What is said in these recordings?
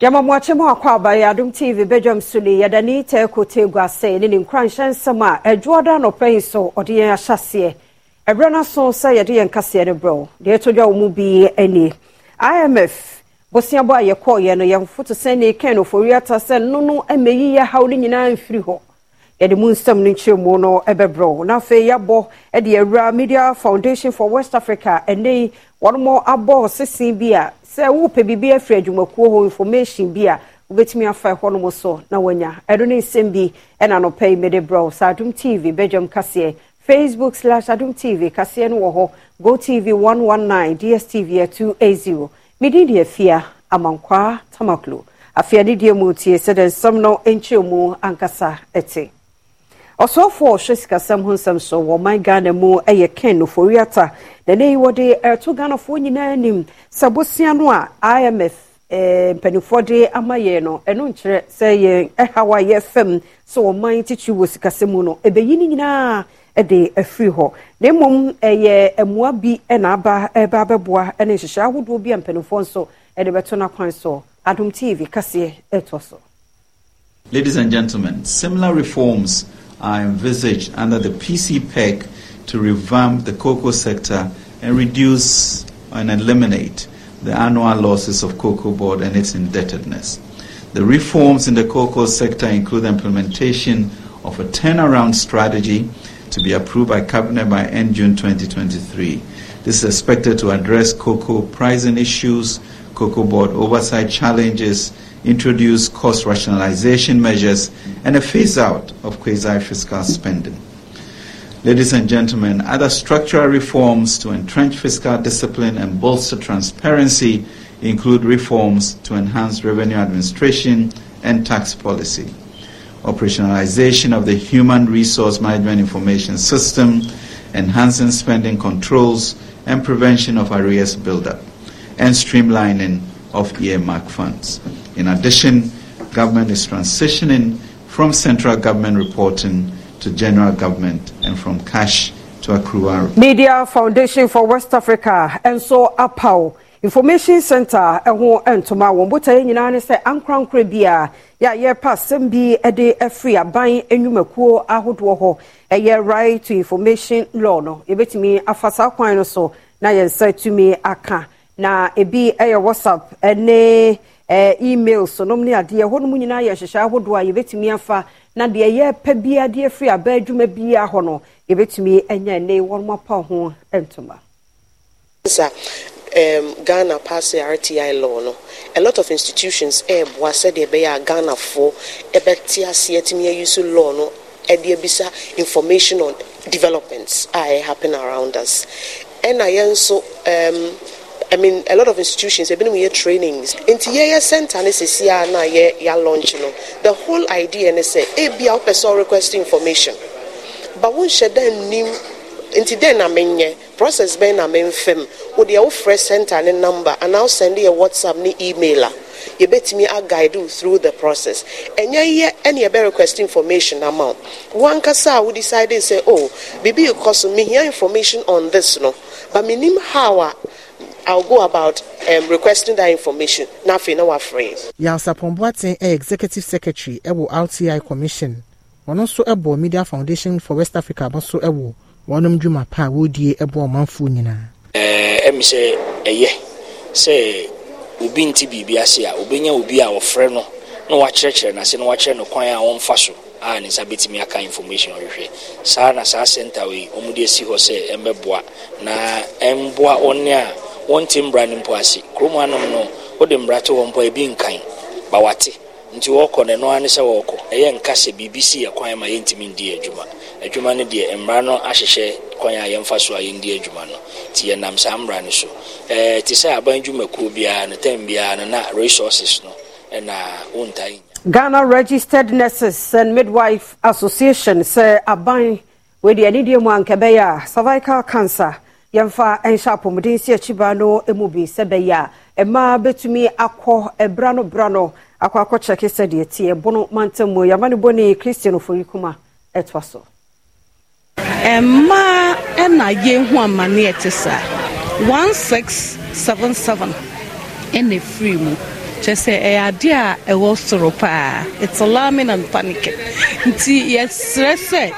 deɛmammoakye mu akɔ abaeɛ tv badwam so ne yɛdani taako tegu ase ne ne nkuranhyɛ nsɛm a adwoɔ da anɔpɛyi so ɔde yɛn ahyɛseɛ ɛberɛ no so sɛ yɛde yɛn kaseɛ no brɛw deɛ ɛto dwa wo mu bi ani imf boseabɔ a yɛkɔɔyɛ no yɛmfoto sɛne kan ofori ata sɛ no no mɛyi yɛ haw no nyinaa mfiri hɔ yɛde mu nsɛm no nkyerɛmu no bɛbrɛw na afei yɛabɔ de awura media foundation for west africa ɛnɛ yi wɔnom abɔ sese bi a sɛ wopɛ biribi afiri adwumakuo hɔ information bi a wobɛtumi afa ɛhɔnom so na wanya ɛno ne nsɛm bi ɛna nɔpɛ yi mede brɛ sɛ adom tv bɛdwam kaseɛ facebook slash adom tv kaseɛ no wɔ hɔ go tv 119 dstv a 280 medin deɛ afia amankwaa tamaklo afia ne deɛ mu tie sɛde nsɛm no nkyerɛ mu ankasa ɛte ɔsɔfoɔ ɔhwɛ sikasɛm ho nsɛm so wɔ ɔman ghana mu yɛ ken noforiata na ne wɔde ɛto ghanafoɔ nyinaa anim sɛ bosia no a imf eh, mpanimfoɔ de ama yɛn no ɛno nkyerɛ sɛ yɛn haw a yɛfam sɛ ɔman titiri wɔ sikasɛm no ɛbɛyi ne nyinaa de afiri hɔ na mmom ɛyɛ mmoa bi na aba ɛba abɛboa ne nhyehyɛ ahodoɔ bi a mpanimfoɔ nso ɛde bɛto n'akwan so adom tv kaseɛ ɛtɔ so Ladies and gentlemen, similar reforms are envisaged under the PCPEC to revamp the cocoa sector and reduce and eliminate the annual losses of cocoa board and its indebtedness. The reforms in the cocoa sector include implementation of a turnaround strategy to be approved by cabinet by end June 2023. This is expected to address cocoa pricing issues, cocoa board oversight challenges, introduce cost rationalization measures, and a phase out of quasi fiscal spending. Ladies and gentlemen, other structural reforms to entrench fiscal discipline and bolster transparency include reforms to enhance revenue administration and tax policy, operationalization of the human resource management information system, enhancing spending controls and prevention of arrears buildup, and streamlining of earmark funds. In addition, government is transitioning from central government reporting to general government and from cash to accrual. Media Foundation for West Africa and so APAO. information center ɛho ntoma wɔn botaeɛ nyinaa ne sɛ ankorankora bi a yɛayɛ pa asɛm bi de afiri aban nnwumakuo ahodoɔ hɔ ɛyɛ right to information law no yɛbɛtumi afa saa kwan no so na yɛn nsa tumi aka na ebi yɛ whatsapp ne eh, emails so nom ne adeɛ eh, hɔ nom nyinaa eh, yɛ hyehyɛ ahodoɔ a yɛbɛtumi afa na deɛ eh, yɛpɛ bia deɛ firi abaa adwuma bia hɔ no yɛbɛtumi anya nne wɔn apa ho ntoma um, Ghana pass the RTI law no a lot of institutions ɛɛboa sɛdeɛ ɛbɛyɛ a Ghanafoɔ ɛbɛte aseɛ tumi ayusu law no ɛde abisa information on developments are ah, ɛyɛ happen around us And I also um, I mean, a lot of institutions, even we have trainings. Nti yɛyɛ center ne sisi a na yɛ yɛ launch no. The whole idea and they say, ebi a wopɛ sɛ requesting information. But wɔn hyɛ dɛ nim nti dɛ na menyɛ process bɛn na memfam. Wode yɛ wofrɛ center ne number and now send a WhatsApp ne email a yɛbɛtumi aguide you through the process ɛnyɛ yɛ ɛne yɛbɛ request information amount. wo wankasa a wodecide sɛ o oh, biribi rekɔ so mehia information on this no but me name how I'll go about um, requesting that information. Nothing, no afraid. Yansa Pombuatin, Executive Secretary, Ewo RTI Commission. ɔno nso ɛbɔ media foundation for west africa bɔ so ɛwɔ wɔnom dwuma pa a wɔredie ɛbɔ ɔmanfoɔ nyinaa ɛmi sɛ ɛyɛ sɛ obi nti biribi ase a obɛnya obi a wɔfrɛ no na wakyerɛkyerɛ n'ase na wakyerɛ no kwan a wɔmfa so a ne nsa bɛtumi aka information ɔhwehwɛ saa na saa center wei ɔmode asi hɔ sɛ ɛmbɛboa na ɛmboa ɔne a wɔnte mbra no mpo ase kurom anom no wode mbra to wɔ mpo ebi nkan ba wate nti wɔkɔ no ɛnoa ne sɛ wɔkɔ ɛyɛ nka sɛ biribi si yɛ kwan ma yɛntumi ndi adwuma adwuma no deɛ mmara no ahyehyɛ kwan a yɛmfa so a yɛndi adwuma no nti yɛnam saa mmara no so ɛɛ te sɛ aban dwumakuo biara no tam biara no na resources no ɛna wontae ghana registered nurses and midwife association sɛ aban wedi anidie mu ankɛbɛyɛ a cervical cancer yɛmfa nhyɛ apɔmuden si akyiba no mu bi sɛ bɛyɛ a mmaa bɛtumi akɔ ɛbra no bra no akɔ akɔkyɛke sɛdeɛ teɛ bono mantamu yɛma no bɔne kristian ofori kuma ɛtoa so mmaa ɛna yɛhu amanneɛ te saa 1677 ɛna firi mu kyɛ sɛ ɛyɛ adeɛ a ɛwɔ soro paa it's alarming and panic nti yɛserɛ sɛ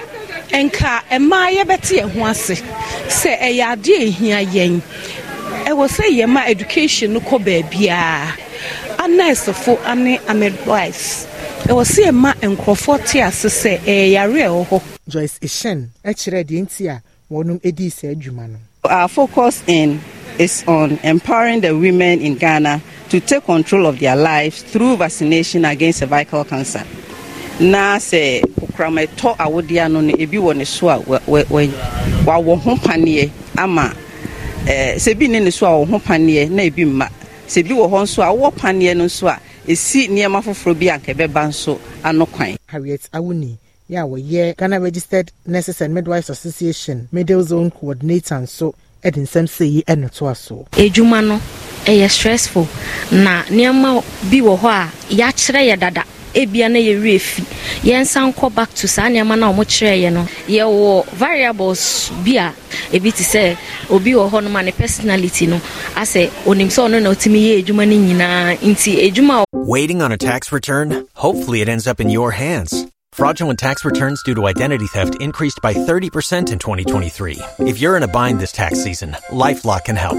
nka mmaa yɛbɛte yɛn ho ase sɛ ɛyɛ adeɛ ehia yɛn ɛwɔ sɛ yɛn ma education no kɔ baabiara anɛɛsefo ane amedwise ɛwɔ sɛ yɛn ma nkurɔfoɔ te ase sɛ ɛyɛ yare a ɛwɔ hɔ. joyce eshen ɛkyerɛ deɛ nti a wɔn edi sɛ adwuma no. our focus in is on empowering the women in ghana to take control of their lives through vaccination against cervical cancer. na sɛ ɔkrama ɛtɔ awodeɛ ano no ebi wɔ ne so a wawɔ ho paneɛ ama ɛɛ sɛ ebi ne ne so a wɔwɔ ho paneɛ na ebi mma sɛ ebi wɔ hɔ nso a wɔwɔ paneɛ no nso a esi nneɛma foforɔ bi a nkɛbɛba nso ano kwan. harriet awuni yɛ a wɔyɛ ghana registered nurses and midwives association middle zone coordinator nso de nsɛm sɛ yi na to so. edwuma no ɛyɛ stressful na nneɛma bi wɔ hɔ a yɛakyerɛ yɛ dada ebia na fi yɛnsan kɔ back to saa nneɛma no yɛwɔ variables bi a ebi te sɛ obi wɔ ne personality no asɛ onim sɛ ɔno na ɔtumi yɛ no nyinaa nti Waiting on a tax return? Hopefully it ends up in your hands. Fraudulent tax returns due to identity theft increased by 30% in 2023. If you're in a bind this tax season, LifeLock can help.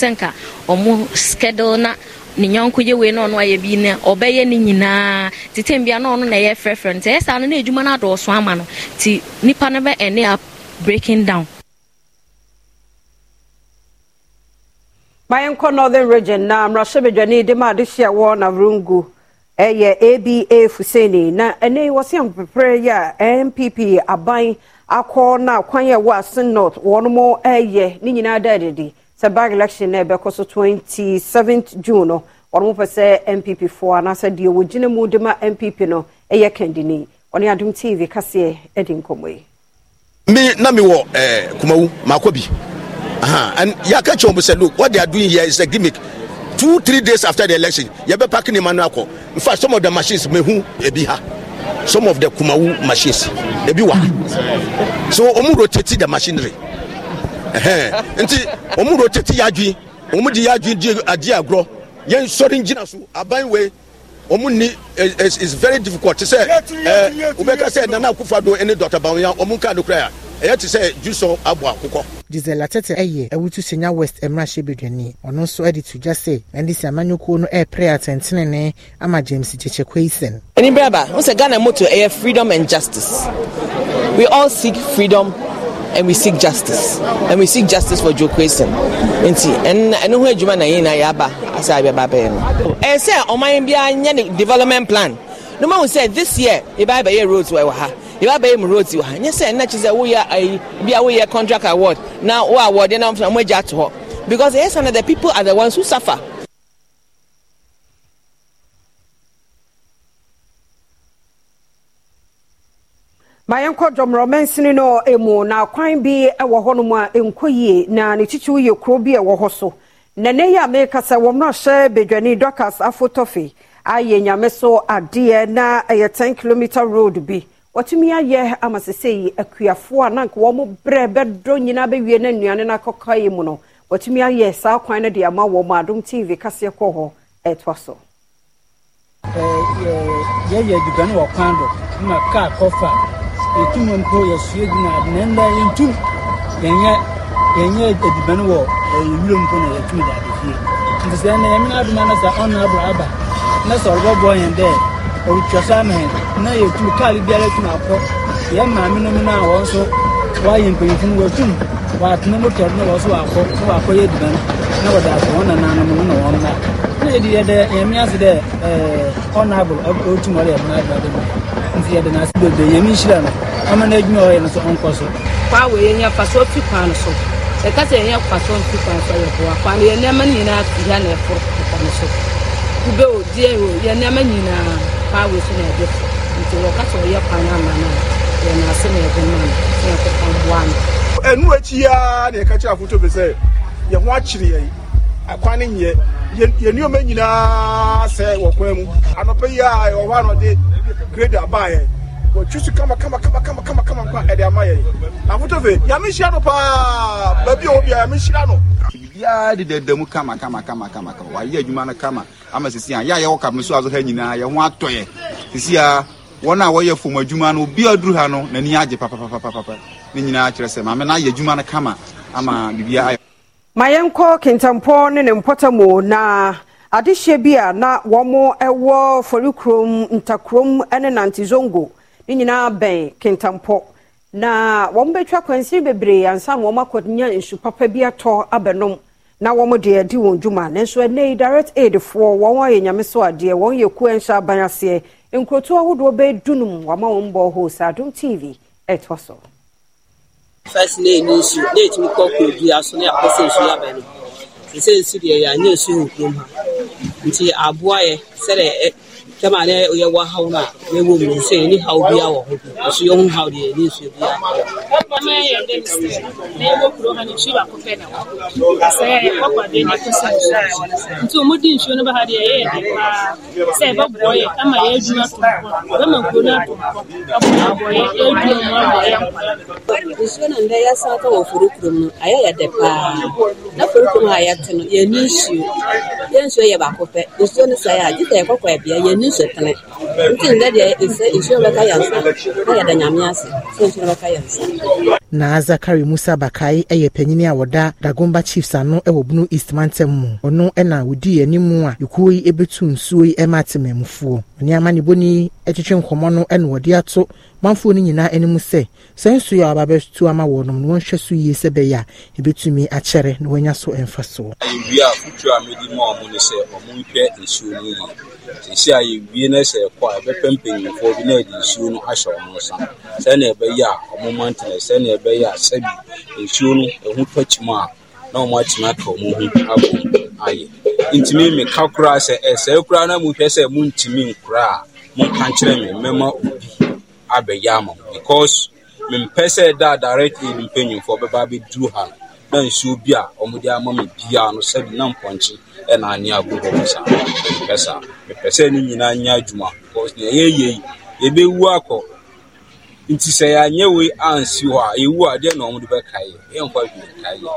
sɛ nka ɔmo na ne nyɔnko yɛ wei na ɔno ayɛ bi na ɔbɛyɛ ne nyinaa ti tem na ɔno na ɛyɛ frɛfrɛ ɛyɛ saa no nipa no a breaking down mayɛnkɔ northern region na mmarahyɛbadwane de ma ade hyia wɔ na rungu e na ɛne aban akɔ na kwan yɛ wɔ north wɔnom ɛyɛ e ne nyinaa da sɛ bag election na ɛbɛkɔ so 27th june no wɔn pɛ sɛ npp foɔ anaasɛ deɛ wɔgyina mu de ma npp no yɛ kandini ɔne adum tv kaseɛ di nkɔmɔ yi. me na me wɔ ɛɛ eh, kumawu maako bi and yaka kyɛn mo sɛ look what they are doing here is a gimmick two three days after the election yɛbɛ paaki ne ma no akɔ in fact some of the machines mehu ebi ha some of the kumawu machines ebi wa so wɔn rotate the machinery nti wɔn mu rotate yadwi wɔn mu di yadwi di adi agorɔ yɛn sɔre gyina so aban wei wɔn ni eh, eh, is very difficult te sɛ ɛɛ wobɛka eh, sɛ nana akufado ɛne dɔkta banwia wɔn mu nka adokora yɛ ɛyɛ te sɛ jusɔ abɔ akokɔ. gisel atete ɛyɛ ɛwutu senya west mmarahyɛ bedwani ɔno nso de to dwa sɛ ɛde si amanyokuo no ɛrepere atɛntenene ama james kyekye kwesen ɛnibraba wo sɛ ghana moto ɛyɛ freedom and justice we all seek freedom and we seek justice and we seek justice for Joe Question nti ɛno ho adwuma na yɛn na yɛaba asɛ abɛba bɛyɛ no ɛsɛ ɔman biara nyɛ ne development plan no ma ho sɛ this year yɛba abɛyɛ roads wɔ ha yɛba abɛyɛ mu roads wɔ ha nyɛ sɛ ɛnna kye sɛ woyɛ ayi bi a woyɛ contract award na wo award na mo agya ato hɔ because ɛyɛ sɛ na the people are the ones who suffer. ma yɛnkɔ dɔmmorɔmansini no mu na kwan bi wɔ nom a ɛnkɔ yie na ne kyikyiw yɛ kuro bi ɛwɔ hɔ so na nɛ yi a merekasa wɔ mmarahyɛ badwani dɔkas afotɔfe ayɛ nyame so adeɛ na ɛyɛ 10 kilometer road bi wɔtumi ayɛ ama sesei akuafoɔ a nanka wɔn brɛ bɛdɔ nyinaa bɛwie no nnuane no akɔka yi mu no wɔtumi ayɛ saa kwan no de ama wɔn adom tv kaseɛ kɔ hɔ ɛtoa so yɛyɛ aduane wɔ kwan do na kaa kɔfa yɛtumi mpo yɛsoa gyina nnɛnda yɛntu yɛnyɛ yɛnyɛ adibɛn wɔ ewura mpo na yɛtumi de abɛfie nti sɛ ɛnna yɛmena adoma na sɛ ɔno aboro aba na sɛ ɔrebɛboa yɛn dɛ ɔretwa so ama yɛn na yɛtumi kaale biara tumi akɔ yɛn maame no mu no a wɔn nso wɔayɛ mpanyinfo no wɔatum wɔatena mu tɔre na wɔn nso wɔakɔ na wɔakɔ yɛ adibɛn na wɔde akɔ wɔn nananom no na wɔn na na yɛde yɛde yɛmea se dɛ ɔno aboro ɔtum ɔde yɛmena adoma de yɛde n'ase bebree yɛmi nhyira no ama no adwuma ɔyɛ no so ɔnkɔ so kwa wɔ yɛnya fa so fi kwan no so ɛka sɛ yɛnya fa so fi kwan so yɛ boa kwan no yɛ nneɛma no nyinaa fi na ɛforo kwan no so kube o die o yɛ nneɛma nyinaa kwa wɔ so na ɛde fo nti wɔka sɛ ɔyɛ kwan ama no yɛ n'ase na ɛde ma no na ɛkɔ kwan boa no ɛnu ya na yɛka kyerɛ afoto bi sɛ yɛ ho akyere yɛ akwan no nyɛ yɛ nneɛma nyinaa sɛ wɔ kwan mu anɔpɛ yi a ɛwɔ hɔ anɔde grade aba yɛn wɔtwi kama kama kama kama kama kama nkwa ɛde ama yɛn afotofe yame hyira no paa baabi a wɔ biara yame hyira no biribiara de dada kama kama kama kama kama wayɛ adwuma no kama ama sisi a yɛ a yɛwɔ kame so azɔ ha nyinaa yɛ ho atɔ yɛ sisi a wɔn a wɔyɛ fom adwuma no obi a duru ha no n'ani papa papapapapa ne nyinaa kyerɛ sɛ maame na ayɛ adwuma no kama ama biribiara ayɛ ma yɛnkɔ kentampɔ ne ne na adehyɛ bi a na wɔn wɔ forikurom ntakurom ne zongo ne nyinaa bɛn kentampɔ na wɔn bɛtwa kwansiri bebree ansan na wɔn akɔnya nsu papa bi atɔ abɛnom na wɔn deɛ di wɔn dwuma nanso ɛnna yi direct aid foɔ wɔn ayɛ nyame so adeɛ wɔn yɛ kuo nhyɛ aban aseɛ nkurotu ahodoɔ bɛyɛ dunum wɔn a wɔn bɔ hɔ saa tv ɛtɔ so. first na eni nsu na etumi kɔ kuro dua so na yɛ akɔsɛ nsu yɛ abɛnom nse nsu deɛ yɛ anya nsu wɔ kurom ha. nti aboa yɛ sɛdeɛ kyɛ maa ne yɛ wɔ haw no a yɛwɔ mu no sɛ ɛni haw bia wɔ ho ɛso yɛ ho haw deɛ ɛni nsuo bia ɛma yɛ dɛ ne sɛ na yɛwɔ kuro ha no nsuo baako pɛ na wɔ sɛ ɛkɔkɔ adeɛ na ɛkɔ sɛ nsuo nti wɔn di nsuo no ba ha deɛ ɛyɛ dɛ paa sɛ ɛbɛboɔ yɛ ama yɛ adwuma to nkɔ bɛma kuro no ato nkɔ ɛboaboɔ yɛ ɛdwuma mu ama yɛ nkɔ nsuo no ndɛ yɛsan ka wɔ foro kurom no ayɛ yɛ dɛ paa na foro kurom ha yɛte yɛ nsuo ni sɛ tene nti ndɛ deɛ ɛsɛ nsuo bɛka yɛ nsa na yɛda nyame ase sɛ nsuo bɛka yɛ nsa na zakari musa Bakai yɛ panyini a wɔda dagomba chiefs ano wɔ bunu east mantam mu ɔno na wodii anim a ekuo yi bɛtu nsuo yi ma atemammufoɔ nneɛma ne bɔni twetwe nkɔmmɔ no na wɔde ato manfoɔ no nyinaa anim sɛ sɛ nso yɛ aba bɛto ama wɔn no wɔnhwɛ so yie sɛ bɛyɛ a ebetumi akyɛre na wɔanya so mfa soɔ. ayɛwie a futuo a mede ma ɔmo ne sɛ ɔmo nhwɛ nsuo no yie sisi a yɛwie na sɛ ɛkɔ a ɛbɛpɛ mpanyinfoɔ bi na ɛde nsuo no ahyɛ ɔmo nsa sɛnea ɛbɛyɛ a ɔmo mantena sɛnea ɛbɛyɛ a sɛbi nsuo no ɛho tɔ kyima a na wɔn atena aka wɔn ho abɔ ayɛ ntumi mmeka koraa sɛ ɛsɛɛ koraa na mo hwɛ sɛ mo ntumi nkoraa monka nkyerɛ me mɛma obi abɛyɛ ama m because mempɛ sɛ da direct aid mpanyimfoɔ bɛba abɛduru ha no na nsuo bi a ɔmode ama me biaa no sɛde na mpɔnkye ɛna ane agu hɔ saa mepɛ saa mepɛ sɛ ne nyinaa nyɛ adwuma because nea yɛyɛ yi yɛbɛwu akɔ nti sɛ yɛanyɛ wei ansi hɔ a yɛwu a deɛ na ɔmode bɛkaeɛ yɛmfa adwuma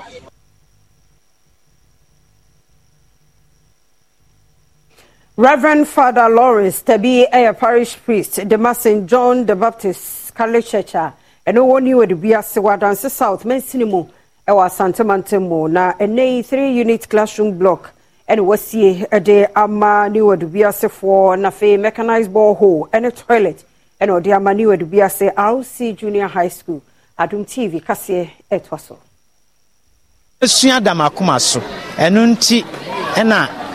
Reverend Father Lawrence Tabi a parish priest, the in John the Baptist Catholic Church, ah, and one you would be a Sewadanse South, Cinema. our Santa Mantemo, na a three unit classroom block, and was ye a day ama new would be a for na fe mechanized borehole and a toilet, and the ama new would be a say RC Junior High School, Adum TV, Cassie Etwaso. Sua Damakumaso, and Unti, and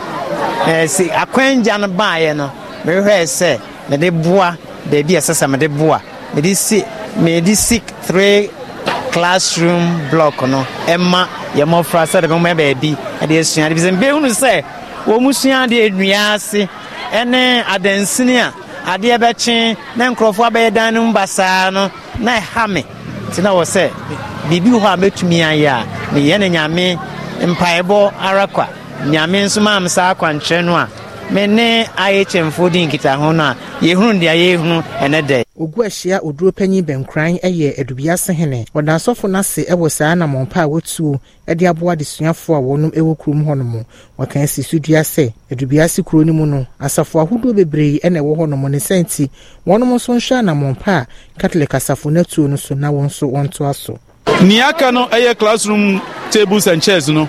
ɛsi eh, akwangya no baeɛ no mehwɛ sɛ mede boa baabi ɛsɛ sɛ mede boa mede si mede si three classroom block no ɛma yɛ mmɔfra sɛ de bɛma baabi ɛde asua de bi sɛ mbɛhunu sɛ wɔn mu sua de nnua ase ɛne adansini a adeɛ bɛkye na nkurɔfoɔ abɛyɛ dan no mu basaa no na ɛha me nti na wɔ sɛ biribi wɔ hɔ a mɛtumi ayɛ a meyɛ ne nyame mpaebɔ ara kwa nyame nso maa m saa akwankyerɛ no a me ne ayɛkyɛmfoɔ di nkitaho no a yɛhunu deɛ yɛhunu ɛnɛ dɛ ogu ahyia oduro panyin bɛnkran yɛ adubiase hene wɔda asɔfo no ase wɔ saa namɔmpa a wɔtuo de aboa adesuafoɔ a wɔnom wɔ kurom hɔnom wɔka si so dua sɛ adubiase kuro no mu no asafo ahodoɔ bebree na ɛwɔ hɔnom ne sɛ nti wɔnom nso nhwɛ anamɔmpa a catholic asafo no atuo no so na wɔn nso wɔntoa so nea aka no ɛyɛ classroom tables and chairs no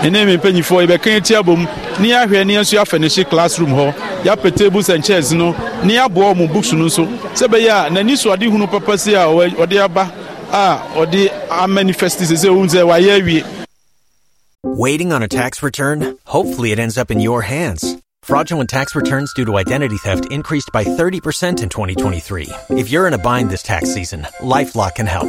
ɛne mempanyimfoɔ yɛbɛka ti abom ne yɛahwɛ ne nso yɛafɛnehye classroom hɔ yɛapɛ tables and chairs no ne yɛaboa mu books no nso sɛ ɛbɛyɛ a n'ani so adi hunu papa si a ɔde aba a ɔde amanifesti sɛ sɛ wohu sɛ wayɛ awie Waiting on a tax return? Hopefully it ends up in your hands. Fraudulent tax returns due to identity theft increased by 30% in 2023. If you're in a bind this tax season, LifeLock can help.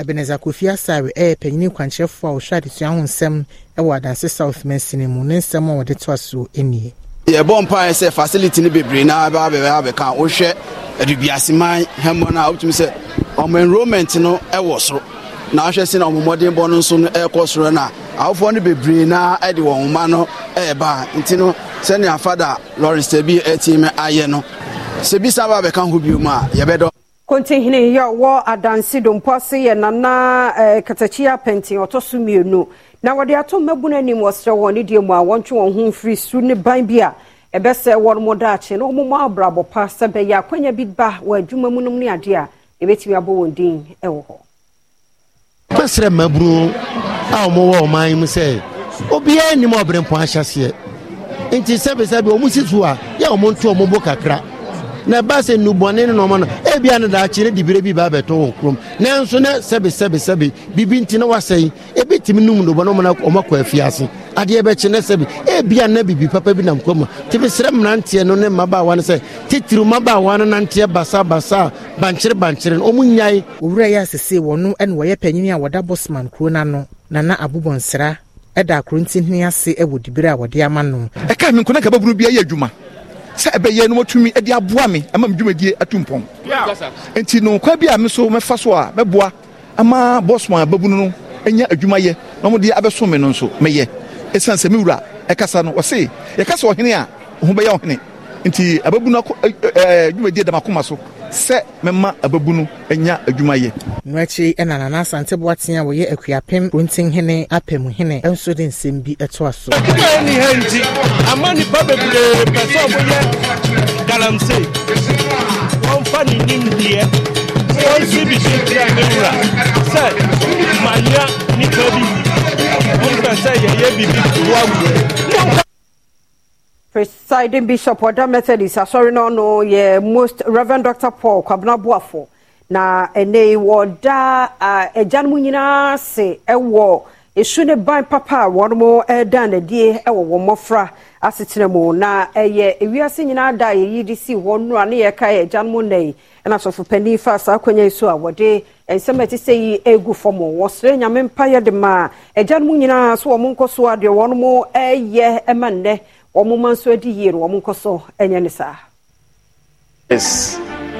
ebenezer kofi asare ɛyɛ eh, panyini kwankyerɛfoɔ a ɔhwɛ adesua ho nsɛm ɛwɔ adanse south mansini mu ne nsɛm a wɔde to asoɔ nie yɛbɔ mpaeɛ sɛ facility no bebree na bɛba bɛbɛ abɛka wohwɛ adubiaseman hɛmmɔ no a wobɛtumi sɛ ɔmo enrollment no ɛwɔ soro na ahwɛ sɛ na ɔmo mmɔdenbɔ no nso no ɛrekɔ soro no a awofoɔ no bebree na ɛde wɔn mma no ɛreba nti no sɛnea fada lawrence tabi ɛtim ayɛ no sɛ bi san ba bɛka ho bio a yɛbɛdɔ kɔntihene eh, yi eh, a ɔwɔ adansi dompo ase yɛ nana ɛɛ katakyi apɛnten ɔtɔ so mmienu na wɔde ato mmɛbu n'anim wɔsrɛ wɔn ne deɛ mu a wɔntwe wɔn ho mfiri su ne ban bi a ɛbɛsɛ wɔn mo daakye na wɔn mo abrabɔ pa sɛ bɛyɛ akɔnya bi ba wɔ adwuma mu nom ne adeɛ a ebɛtumi abɔ wɔn din ɛwɔ hɔ. pɛsrɛ mmaburo a wɔwɔ ɔman mu sɛ obiara nim ɔbɛrɛ mpɔn ahyɛseɛ nti sɛbisɛbi wɔn si so a yɛ wɔn nto wɔn bo kakra na ɛba sɛ nnubɔne ne nɔma no ebia no daakye ne dibire bi ba abɛtɔ wɔ kurom nanso ne sɛbe sɛbe sɛbe bibi nti na wasɛe ebi timi num nnubɔne ɔmo ɔmo akɔ afiase adeɛ bɛkye ne sɛbe ebia na bibi papa bi nam kurom a tebi srɛ mmeranteɛ no ne mmabaawa no sɛ titiri mmabaawa no nanteɛ basabasa bankyere bankyere no ɔmo nyae. owura yi asese wɔn no na wɔyɛ panyin a wɔda bosman kuro n'ano nana abobɔnsra ɛda akoro ntini ase ɛwɔ dibere a wɔde ama no. ɛka mi nkonnwa kaba buru bi ayɛ adwuma sɛ ɛbɛyɛ no watumi de aboa me ama me dwumadie atu mpɔn nti no kwa bi a me so mɛfa so a mɛboa ama bosman babunu no ɛnya adwumayɛ na ɔmode abɛso me no nso mɛyɛ ɛsiane sɛ me wura ɛkasa no ɔse yɛka sɛ ɔhene a ho bɛyɛ ɔhene nti ababunu ɛɛ eh, eh, dwumadie dama koma so sɛ mɛma ababunu anya adwumayɛ. mmerɛkyi ɛna nana asante boatea a wɔyɛ akuapem kurontinhene apɛmuhene nso de nsɛm bi ɛto aso. ɛkuta ni ha nti ama nipa bebree pɛ sɛ ɔmoyɛ galamsey wɔmfa ne nimdeɛ wɔnsi bi si kura ewura sɛ manya nipa bi wɔn pɛ sɛ yɛyɛ bibi wɔ awura. presiding bishop ọda methodist asọrị n'ọnụ yɛ most reverend dr paul kwabena na ene yi wɔda ɛgya mu nyinaa si ɛwɔ esu ne ban papa a wɔn ɛda n'adie wɔn mmɔfra asetena mu na ɛyɛ ewiase nyinaa da yɛyi de si hɔ nnura yɛ mu ɛna panyin fa saa akonnwa a wɔde nsɛm a sɛ yi egu fam nyame mpa yɛ de ma mu nyinaa wɔn ma nso adi yie no wɔn nkɔ so nyɛ ne saa. yes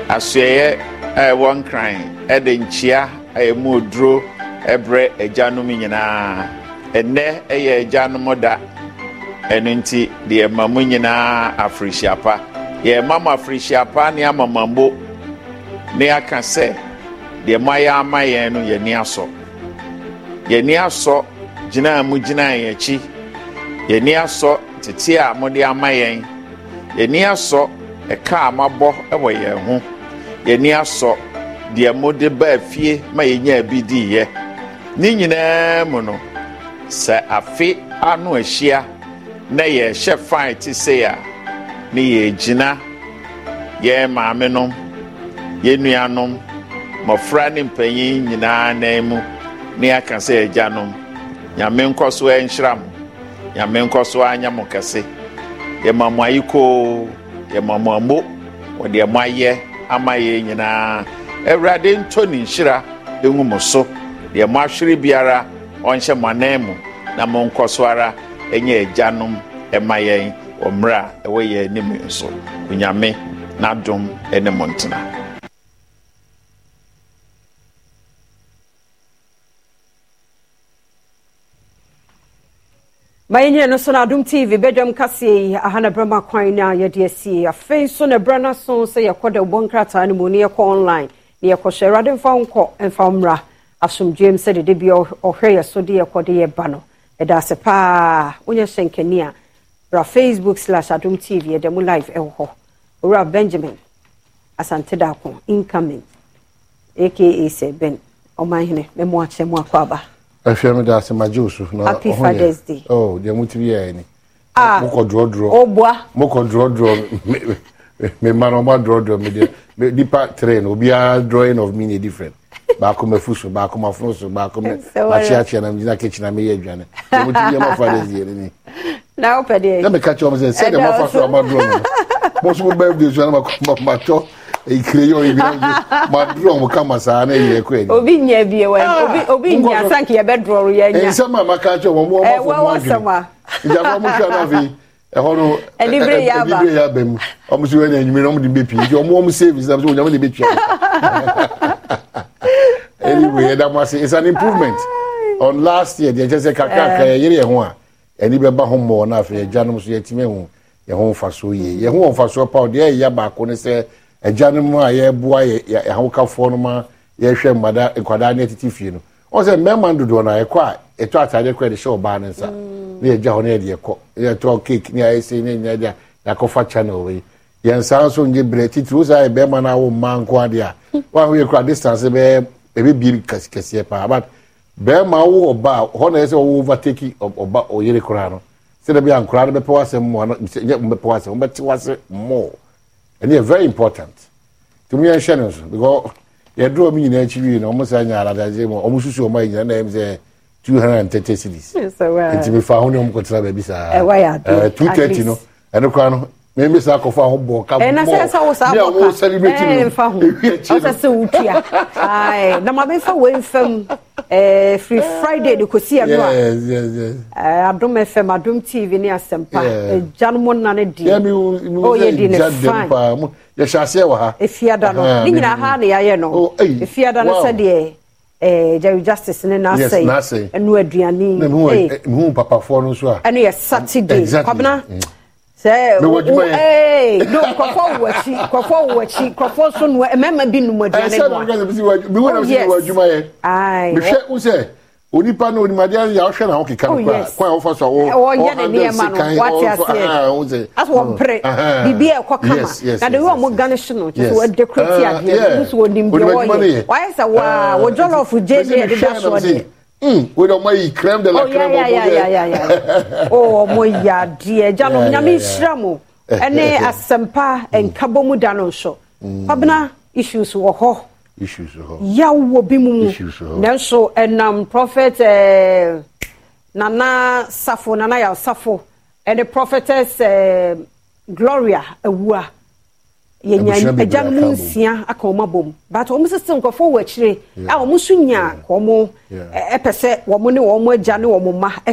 asoɛyɛ a eh, ɛwɔ nkran ɛde nkyia a eh, ɛmu oduro ɛbrɛ agyanom nyinaa ɛnɛ ɛyɛ agyanom da ɛno nti deɛ ma mu nyinaa afirihyia pa yɛ ma mu afirihyia ne amamambo ne aka sɛ deɛ mo ayɛ ama yɛn no yɛn ni asɔ yɛn ni asɔ gyina mu gyina yɛn akyi yɛn ni asɔ. tete a mode ama yɛn yɛni asɔ ɛka a mabɔ wɔ yɛn ho yɛni asɔ deɛ mode ba fie ma yɛnya bi yɛ ne nyinaa mu no sɛ afe ano ahyia na yɛhyɛ fan te sei a ne yɛgyina yɛn maamenom yɛn nuanom mmɔfra ne mpanyin nyinaa nan mu ne aka sɛ agyanom nyame nkɔ so nhyira mo nyame nkɔ so anya mo kɛse yɛ yɛma mo yɛ yɛma mo amo wɔde mo ayɛ ama yɛ nyinaa awurade ntɔ ne nhyira ɛhu mo so deɛ mo ahwere biara ɔnhyɛ mo anan mu na mo nkɔ so ara ɛnyɛ agyanom ɛma yɛn wɔ mmerɛ a ɛwɔ yɛn anim nso onyame n'adom ɛne mo ntena ma yɛnyina no so no adom tv bɛdwam kaseɛ yi aha na brɛma kwan no a yɛde asie afei nso na berɛ no so sɛ yɛkɔ da bɔ nkrataa no mu ne yɛkɔ online ne yɛkɔhyɛ awurade mfa nkɔ mfa mmra asomdwoem sɛ dede bi ɔhwɛ yɛ so de yɛkɔ de yɛba no ɛda ase paa wonyɛ hyɛ nkani a bra facebook slash adom tv yɛda mu live ɛwɔ e hɔ owura benjamin asante daako incoming aka sɛ ben ɔmanhene mɛmoakyɛ mu akɔ aba ɛhwɛ mi da ase ma gye osu na happy father's day oh deɛ mo ti bi yɛ ni ah mo kɔ drɔdrɔ o bua mo kɔ drɔdrɔ mi ma na ɔma drɔdrɔ mi deɛ nipa train obiara drawing of me na different baako ma fu so baako ma funu baako ma ma kyi akyi na mi gyina kitchen na mi yɛ aduane deɛ mo ti bi yɛ ma father's day ni. na o pɛ de. na mi ka kyerɛ ɔmo sɛ sɛ deɛ mo afa so ɔma drɔ mi mo so birthday so na ma ma tɔ ekire yɔ ebi ma duro mo kama saa na eyi ɛkɔ ɛdi. obi nya bi ɛwɛ ah, obi obi nya eh, sanke yɛ bɛ duro yɛ nya. nsɛm a ma ka kyɛ wɔn mo wɔn ma fɔ mo adwene njɛ afɔ mo twɛ n'afɛ ɛhɔ no ɛnibire yɛ aba ɛnibire yɛ aba mu ɔmo si wɛ na enyimire na ɔmo de bɛ pii nti ɔmo wɔn save sisan so onyama de bɛ twɛ anyway ɛda mo ase it's an improvement on last year deɛ n kyɛ sɛ e kakra kakra yɛ eh. yere eh, yɛ ho a ɛni bɛ ba ho mbɔ wɔn afɛ ɛgya nom so ti mɛ ho yɛn ho nfasoɔ yie yɛn ho nfasoɔ paa deɛ ɛyɛ baako ne sɛ ɛgya no mu a yɛreboa yɛ no ma yɛhwɛ nkwadaa ne titi fie no wɔn sɛ mmarima dodoɔ na ɛkɔ a ɛtɔ ataadeɛ kɔ yɛde hyɛ ɔbaa ne nsa mm. ne yɛgya hɔ ne yɛde yɛkɔ ne yɛtɔ cake ne ayɛsɛ ne nyɛ deɛ yɛakɔfa channel yi yɛn nsa nso nye brɛ titiri wosan yɛ bɛrima na awo mmaa nko adeɛ a wɔn ahoyɛ kura distance bɛɛ ebi bie paa but bɛrima awo ɔbaa hɔ na yɛ ɔwɔ overtake ɔba ɔyere koraa no sɛdeɛ bi a nkora no bɛpɛ wase mu ano nyɛ mbɛpɛ wase mu bɛte wase more ɛne yɛ very important te mu yɛn hwɛ no so because yɛdurɔ mi nyinaa akyi wie na ɔmo saa nya aladagye mu ɔmo susu ɔmo ayi nyinaa na yɛm sɛ two hundred and thirty cities nti mi fa ho ne ɔmo kɔ tena baabi saa ɛɛ eh, two eh, thirty no ɛno kora no mɛ mi saa kɔfɔ ahɔ bɔ ka eh, bɔ mi a wɔn celebrate no ewi akyi no ɛɛ nfa ho ɔsɛ sɛ wotua ɛɛ na maa mi fa wo nfa mu. Eh, free ah. friday de ko si yɛ no a ɛɛ eh, adum fm adum tv ne asɛmpa ɛgya no mu nane di o oh, yɛ di ne fine yɛhyɛ aseɛ wɔ ha efiada no ne nyinaa ha ne yɛayɛ no oh, efiada no sɛdeɛ ɛɛ eh, jerry justice ne n'asɛn ɛnu aduane ɛɛ ɛnu yɛ saturday Exactly sɛ no nkɔfɔ wɔ akyi nkɔfɔ wɔ akyi nkɔfɔ so no mmarima bi num aduane wɔ oh, mehwɛ wo sɛ onipa no onimadeɛ yɛ ahwɛ na wokeka no oh, kwan a wofa so wɔpere biribi a ɛkɔ kama na de wei a mogane hye no kyɛ sɛ wɔdekorati ah, adeɛ no so wɔnim deɛ wɔyɛ wɔayɛ sɛ waa ah, wɔjɔlɔfo gye deɛ ɛdeda soɔ deɛ Hmm, wọ́n ọmọ yìí crème de la crème ọmọ yẹn. o ọmọ yìí adeɛ gyanom nyame nhyira mu ɛne asɛmpa nkabɔmu da no nso pabena issues wɔ hɔ yawɔ bi mu nanso ɛnam prophet ɛɛ eh, nana safo nana yaw safo ɛne prophetess ɛɛ eh, gloria awua yɛnya agya no mu nsia aka ɔmo abom but ɔmo sisi nkɔfoɔ wɔ akyire a ɔmo nso nya ka ɔmo ɛpɛ sɛ ɔmo ne ɔmo agya ne ɔmo ma e